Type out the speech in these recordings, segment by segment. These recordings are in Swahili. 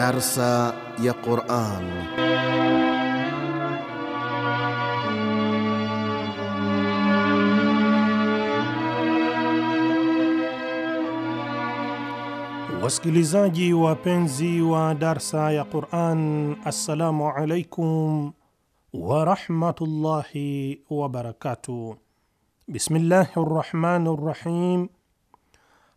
درس يا قرآن Wasikilizaji wapenzi wa darsa ya Quran, assalamu alaikum warahmatullahi wabarakatuh. Bismillahi rrahmani rahim.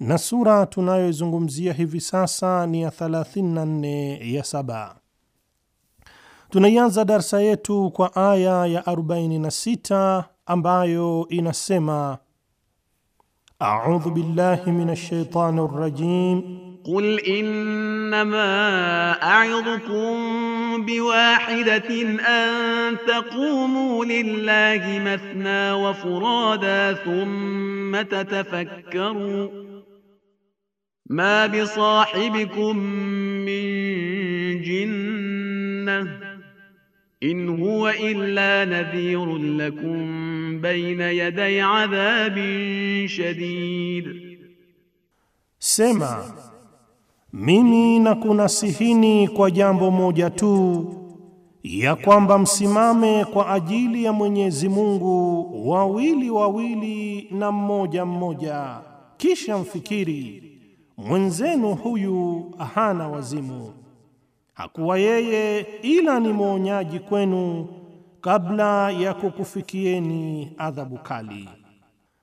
na sura tunayoizungumzia hivi sasa ni ya 34 ya saba. Tunaianza darsa yetu kwa aya ya 46 ambayo inasema: audhu billahi minash shaitani rrajim qul innama a'idukum biwahidatin an taqumu lillahi mathna wa furada thumma tatafakkaru ma bisahibikum min jinna in huwa illa nadhirun lakum baina yaday adhabin shadid, sema mimi nakunasihini kwa jambo moja tu ya kwamba msimame kwa ajili ya Mwenyezi Mungu wawili wawili na mmoja mmoja, kisha mfikiri mwenzenu huyu hana wazimu, hakuwa yeye ila ni mwonyaji kwenu kabla ya kukufikieni adhabu kali.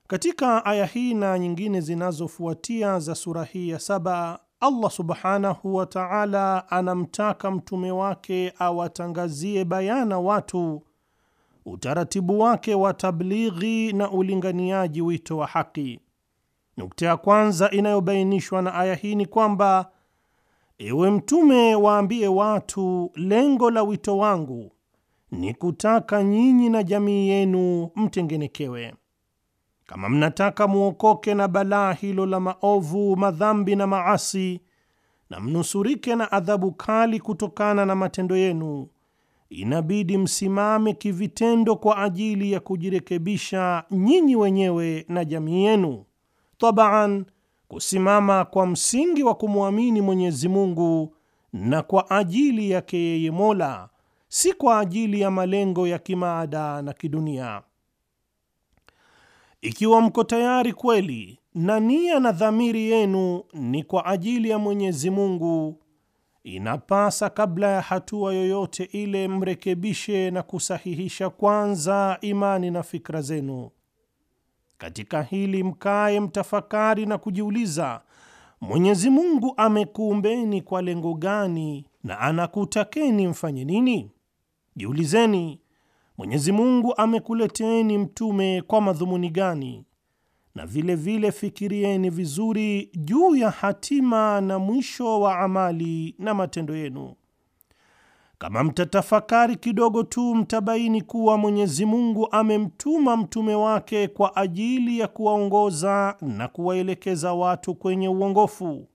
Katika aya hii na nyingine zinazofuatia za sura hii ya saba, Allah subhanahu wa ta'ala anamtaka mtume wake awatangazie bayana watu utaratibu wake wa tablighi na ulinganiaji wito wa haki Nukta ya kwanza inayobainishwa na aya hii ni kwamba, ewe Mtume, waambie watu, lengo la wito wangu ni kutaka nyinyi na jamii yenu mtengenekewe. Kama mnataka muokoke na balaa hilo la maovu, madhambi na maasi, na mnusurike na adhabu kali kutokana na matendo yenu, inabidi msimame kivitendo kwa ajili ya kujirekebisha nyinyi wenyewe na jamii yenu tabaan, kusimama kwa msingi wa kumwamini Mwenyezi Mungu na kwa ajili yake yeye Mola, si kwa ajili ya malengo ya kimaada na kidunia. Ikiwa mko tayari kweli na nia na dhamiri yenu ni kwa ajili ya Mwenyezi Mungu, inapasa kabla ya hatua yoyote ile mrekebishe na kusahihisha kwanza imani na fikra zenu. Katika hili mkae mtafakari na kujiuliza, Mwenyezi Mungu amekuumbeni kwa lengo gani na anakutakeni mfanye nini? Jiulizeni, Mwenyezi Mungu amekuleteni mtume kwa madhumuni gani? Na vile vile fikirieni vizuri juu ya hatima na mwisho wa amali na matendo yenu. Kama mtatafakari kidogo tu, mtabaini kuwa Mwenyezi Mungu amemtuma mtume wake kwa ajili ya kuwaongoza na kuwaelekeza watu kwenye uongofu,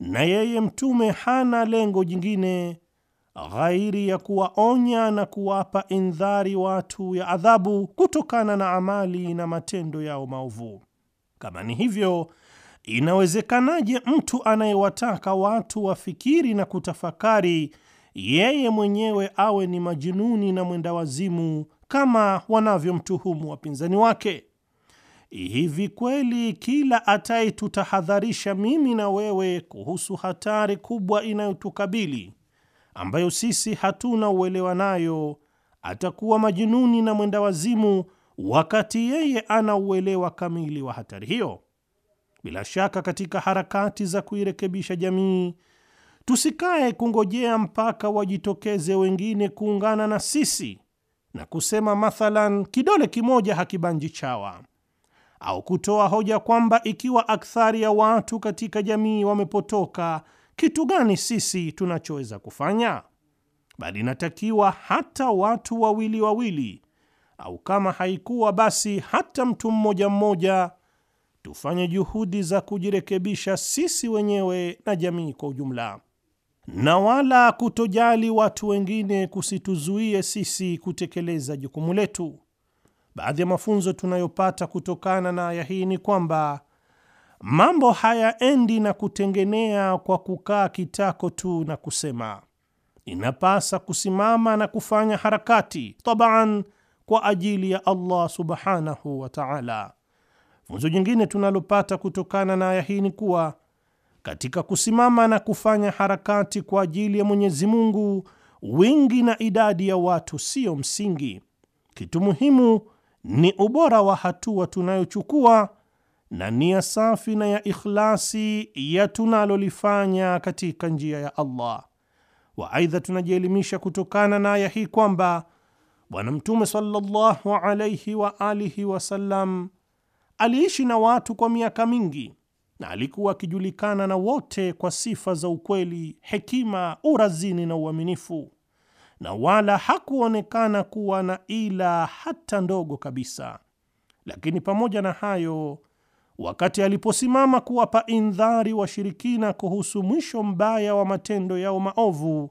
na yeye mtume hana lengo jingine ghairi ya kuwaonya na kuwapa indhari watu ya adhabu kutokana na amali na matendo yao maovu. Kama ni hivyo, inawezekanaje mtu anayewataka watu wafikiri na kutafakari yeye mwenyewe awe ni majinuni na mwendawazimu kama wanavyomtuhumu wapinzani wake? Hivi kweli kila atayetutahadharisha mimi na wewe kuhusu hatari kubwa inayotukabili ambayo sisi hatuna uelewa nayo atakuwa majinuni na mwendawazimu, wakati yeye ana uelewa kamili wa hatari hiyo? Bila shaka katika harakati za kuirekebisha jamii Tusikae kungojea mpaka wajitokeze wengine kuungana na sisi na kusema mathalan, kidole kimoja hakibanji chawa, au kutoa hoja kwamba ikiwa akthari ya watu katika jamii wamepotoka, kitu gani sisi tunachoweza kufanya? Bali inatakiwa hata watu wawili wawili, au kama haikuwa basi hata mtu mmoja mmoja, tufanye juhudi za kujirekebisha sisi wenyewe na jamii kwa ujumla na wala kutojali watu wengine kusituzuie sisi kutekeleza jukumu letu. Baadhi ya mafunzo tunayopata kutokana na aya hii ni kwamba mambo hayaendi na kutengenea kwa kukaa kitako tu na kusema, inapasa kusimama na kufanya harakati taban kwa ajili ya Allah subhanahu wa ta'ala. Funzo jingine tunalopata kutokana na aya hii ni kuwa katika kusimama na kufanya harakati kwa ajili ya Mwenyezi Mungu, wingi na idadi ya watu siyo msingi. Kitu muhimu ni ubora wa hatua tunayochukua na nia safi na ya ikhlasi ya tunalolifanya katika njia ya Allah. wa Aidha, tunajielimisha kutokana na aya hii kwamba Bwana Mtume sallallahu alaihi wa alihi wasallam aliishi na watu kwa miaka mingi na alikuwa akijulikana na wote kwa sifa za ukweli, hekima, urazini na uaminifu, na wala hakuonekana kuwa na ila hata ndogo kabisa. Lakini pamoja na hayo, wakati aliposimama kuwapa indhari washirikina kuhusu mwisho mbaya wa matendo yao maovu,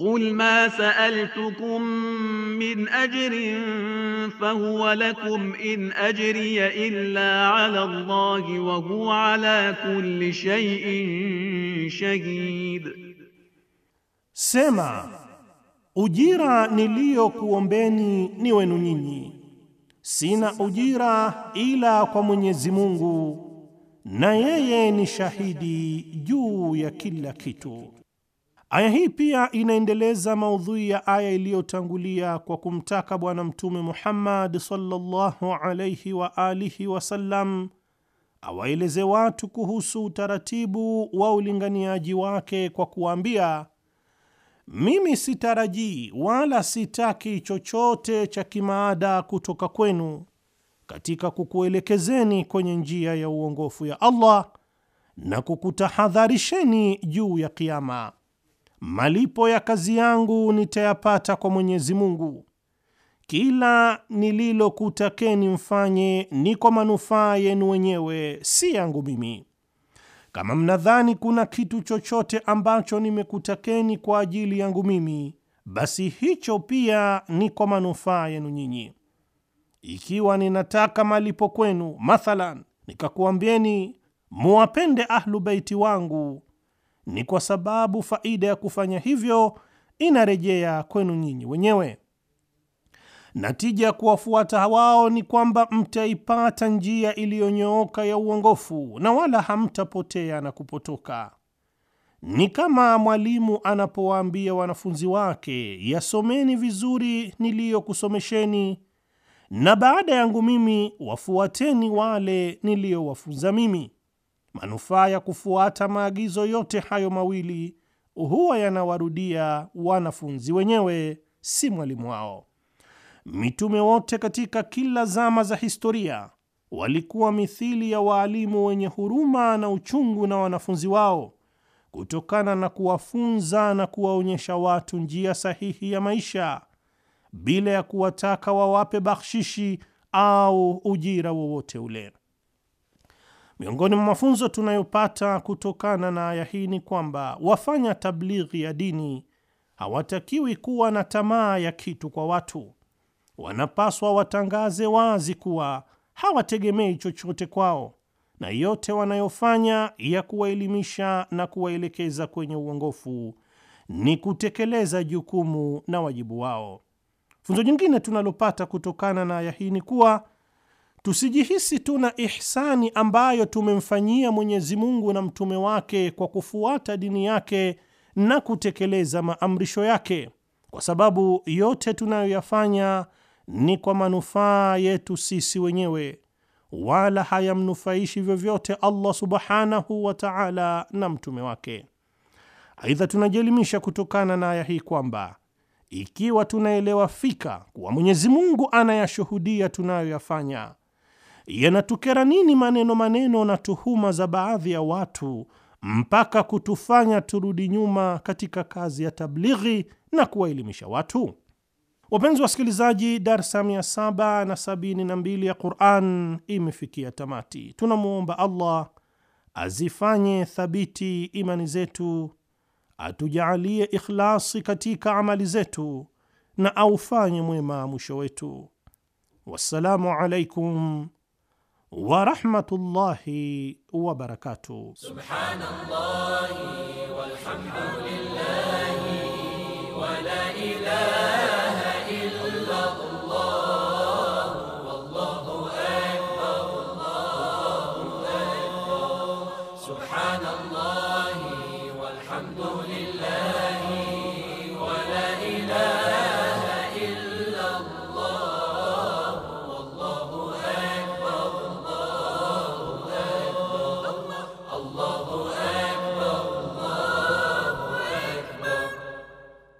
قل ما سألتكم من أجر فهو لكم إن أجري إلا على الله وهو على كل شيء shahid Sema, ujira niliyokuombeni ni wenu nyinyi, sina ujira ila kwa Mwenyezi Mungu, na yeye ni shahidi juu ya kila kitu. Aya hii pia inaendeleza maudhui ya aya iliyotangulia kwa kumtaka Bwana Mtume Muhammad sallallahu wa alihi wasallam awaeleze watu kuhusu utaratibu wa ulinganiaji wake kwa kuwaambia, mimi sitarajii wala sitaki chochote cha kimaada kutoka kwenu katika kukuelekezeni kwenye njia ya uongofu ya Allah na kukutahadharisheni juu ya Kiama malipo ya kazi yangu nitayapata kwa Mwenyezi Mungu. Kila nililokutakeni mfanye ni kwa manufaa yenu wenyewe, si yangu mimi. Kama mnadhani kuna kitu chochote ambacho nimekutakeni kwa ajili yangu mimi, basi hicho pia ni kwa manufaa yenu nyinyi. Ikiwa ninataka malipo kwenu, mathalan, nikakuambieni muwapende Ahlu Baiti wangu ni kwa sababu faida ya kufanya hivyo inarejea kwenu nyinyi wenyewe. Natija ya kuwafuata wao ni kwamba mtaipata njia iliyonyooka ya uongofu na wala hamtapotea na kupotoka. Ni kama mwalimu anapowaambia wanafunzi wake, yasomeni vizuri niliyokusomesheni, na baada yangu mimi wafuateni wale niliyowafunza mimi manufaa ya kufuata maagizo yote hayo mawili huwa yanawarudia wanafunzi wenyewe, si mwalimu wao. Mitume wote katika kila zama za historia walikuwa mithili ya waalimu wenye huruma na uchungu na wanafunzi wao, kutokana na kuwafunza na kuwaonyesha watu njia sahihi ya maisha bila ya kuwataka wawape bakhshishi au ujira wowote ule. Miongoni mwa mafunzo tunayopata kutokana na aya hii ni kwamba wafanya tablighi ya dini hawatakiwi kuwa na tamaa ya kitu kwa watu. Wanapaswa watangaze wazi kuwa hawategemei chochote kwao na yote wanayofanya ya kuwaelimisha na kuwaelekeza kwenye uongofu ni kutekeleza jukumu na wajibu wao. Funzo jingine tunalopata kutokana na aya hii ni kuwa Tusijihisi tuna ihsani ambayo tumemfanyia Mwenyezi Mungu na mtume wake kwa kufuata dini yake na kutekeleza maamrisho yake, kwa sababu yote tunayoyafanya ni kwa manufaa yetu sisi wenyewe, wala hayamnufaishi vyovyote Allah subhanahu wa ta'ala na mtume wake. Aidha, tunajielimisha kutokana na aya hii kwamba ikiwa tunaelewa fika kuwa Mwenyezi Mungu anayashuhudia tunayoyafanya yanatukera nini maneno maneno na tuhuma za baadhi ya watu mpaka kutufanya turudi nyuma katika kazi ya tablighi na kuwaelimisha watu? Wapenzi wasikilizaji, darsa 772 ya Quran imefikia tamati. Tunamwomba Allah azifanye thabiti imani zetu, atujaalie ikhlasi katika amali zetu na aufanye mwema mwisho wetu. Wassalamu alaikum ورحمة الله وبركاته سبحان الله والحمد لله ولا إله